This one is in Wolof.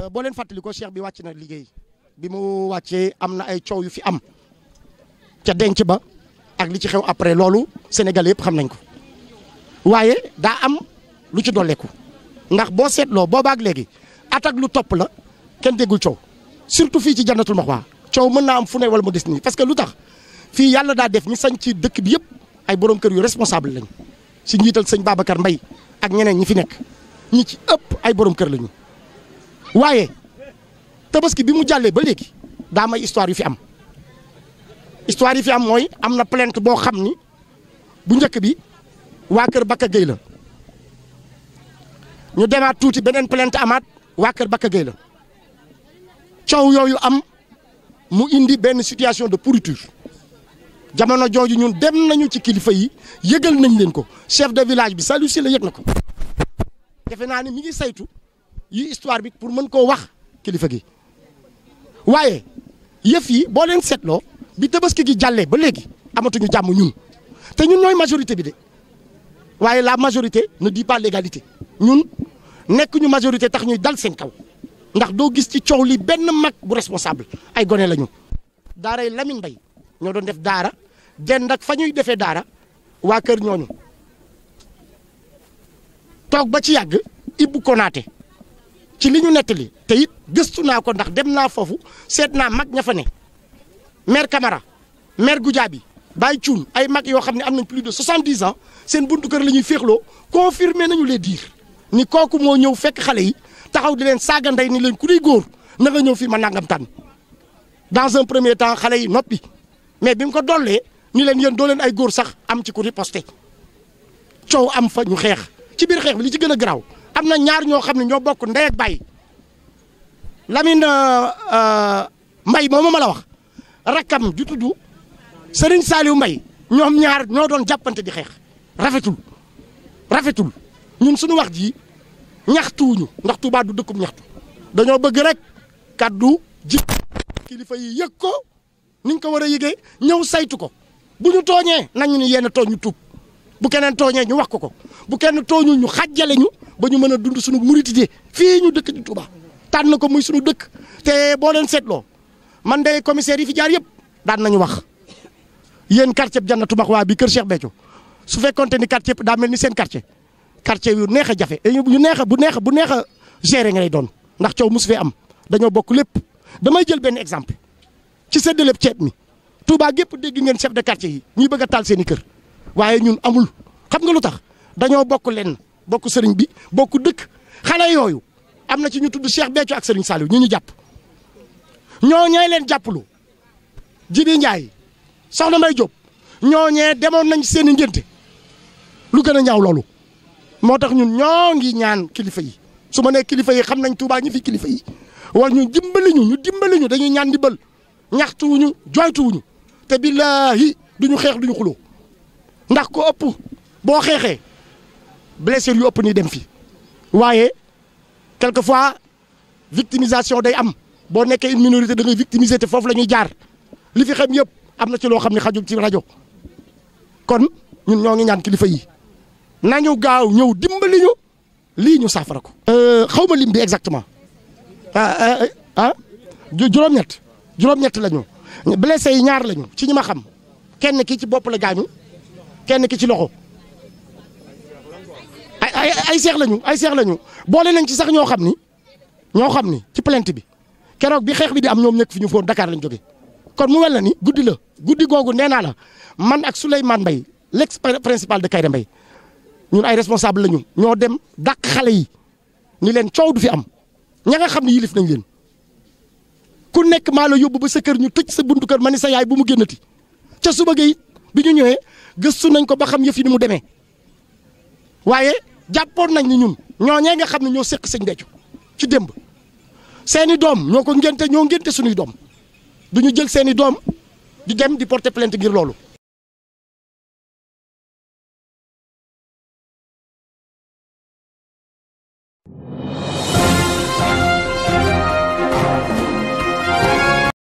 Euh, boo leen fàttali ko cheikh bi wàcc na liggéey bi mu wàccee am na ay coow yu fi am ca denc ba ak li ci xew après loolu Sénégal yëpp xam nañ ko waaye daa am lu ci dolleeku ndax boo seetloo boobaak léegi attaque lu topp la kenn déggul coow surtout fii ci jannatul maxwa coow mën naa am fu ne wala mu des nii parce que lu tax fii yàlla daa def ñi sañ ci dëkk bi yëpp ay borom kër yu responsable lañ si njiital sañ baabakar mbay ak ñeneen ñi fi nekk ñi ci ëpp ay borom kër lañu waaye tabaski bi mu jàllee ba léegi daa may histoire yu fi am histoire yu fi am mooy am na plainte boo xam ni bu njëkk bi waa kër Bakka Gueye la ñu demaat tuuti beneen plainte amaat waa kër Bakka Gueye la coow yooyu am mu indi benn situation de pourriture jamono jooju ñun dem nañu ci kilifa yi yëgal nañ leen ko chef de village bi Saliou la yëg na ko defe naa ni mi ngi saytu. yi histoire bi pour mën koo wax kilifa gi waaye yëf yi boo leen seetloo bi tabaski gi jàllee ba léegi amatuñu jàmm ñun te ñun ñooy majorité bi de waaye la majorité na dit l'égalité ñun nekk ñu majorité tax ñuy dal seen kaw ndax doo gis ci coow li benn mag bu responsable ay gone lañu ñu. daaray Lamine Mbaye ñoo doon def daara dend ak fa ñuy defee daara waa kër ñooñu toog ba ci yàgg ko naate ci li ñu li te it gëstu naa ko ndax dem naa foofu seet naa mag ña fa ne maire Camara maire bi Baye Thioune ay mag yoo xam ne am nañ plus de 70 ans seen buntu kër la ñuy féexloo confirmé nañu les dires ni kooku moo ñëw fekk xale yi taxaw di leen saaga ndey ni leen ku dee góor na nga ñëw fii ma nangam dans un premier temps xale yi noppi mais bi mu ko dollee ni leen yéen doo leen ay góor sax am ci ku riposté coow am fa ñu xeex ci biir xeex bi li ci gën a garaaw am na ñaar ñoo xam ne ñoo bokk ndey bay baay Lamine euh, euh, Mbaye moomu ma la wax rakkam ju tudd Serigne Saliou Mbaye ñoom ñaar ñoo doon jàppante di xeex rafetul rafetul ñun sunu wax ji ñaxtuwuñu ndax Touba du dëkkum ñaxtu dañoo bëgg rek kaddu ji kilifa yi yëg ko ni ñu ko war a yëgee ñëw saytu ko bu ñu tooñee nañu ni yenn tooñ ñu tuub bu keneen tooñee ñu wax ko ko bu kenn tooñul ñu xàjjale ñu ba ñu mën a dund suñu muritide fii ñu dëkk di Touba tànn ko muy suñu dëkk te boo leen seetloo man de commissaire yi fi jaar yëpp daan nañu wax yéen quartier bi Jannatu Maxwa bi kër Cheikh Béthio su fekkonte ni quartier daa mel ni seen quartier quartier yu neex a jafe eh, yu neex a bu neex bu neex a gérer ngay doon ndax coow mosu fee am dañoo bokk lépp damay jël benn exemple ci séddale ceeb mi Touba gépp dégg ngeen chef de quartier yi ñuy bëgg a taal seen i kër waaye ñun amul xam nga lu tax dañoo bokk lenn. bokk sëriñ bi bokk dëkk xale yooyu am na ci ñu tudd Cheikh Béthio ak sëriñ Saliou ñu ñu jàpp ñoo ñee leen jàppalu Jibi Njaay soxna May Jóob ñoo ñee demoon nañ seeni i lu gën a ñaaw loolu moo tax ñun ñoo ngi ñaan kilifa yi suma ne kilifa yi xam nañ Tuubaa ñi fi kilifa yi war ñu dimbali ñu ñu dimbali ñu dañuy ñaan dimbal ñaxtuwuñu jooytuwuñu te billaahi duñu xeex duñu xuloo ndax ko ëpp boo xeexee blessure yu ëpp ni dem fi waaye fois victimisation day am boo nekkee une minorité da ngay victimiser te foofu la ñuy jaar li fi xam yëpp am na ci loo xam ne xajul ci rajo kon ñun ñoo ngi ñaan kilifa yi nañu gaaw ñëw dimbali ñu lii ñu saafara ko. Euh, xaw ma lim bi exactement ah ah, ah, ah. juróom-ñett juróom-ñett lañu blessé yi ñaar lañu ci ñi ma xam kenn ki ci bopp la gaañu kenn ki ci loxo. ay ay seex lañu ay seex lañu boole nañ ci sax ñoo xam ni ñoo xam ni ci plainte bi keroog bi xeex bi di am ñoom ñëkk fi ñu foon Dakar lañ jógee. kon mu wel na ni guddi la guddi googu nee naa la man ak Souleymane Mbaye l'ex principal de Kayré Mbaye ñun ay responsable lañu ñoo dem dàq xale yi ni leen coow du fi am ña nga xam ne yilif nañ leen ku nekk maa la yóbbu ba sa kër ñu tëj sa buntu kër ma ni sa yaay bu mu génnati ca suba ga it bi ñu ñëwee gëstu nañ ko ba xam yëf ni mu demee jàppoon nañ ni ñun ñoo ñooñee nga xam ne ñoo séq sëñ Béthio ci démb seeni doom ñoo ko ngénte ñoo ngénte suñuy doom du ñu jël seeni doom di dem di porter plainte ngir loolu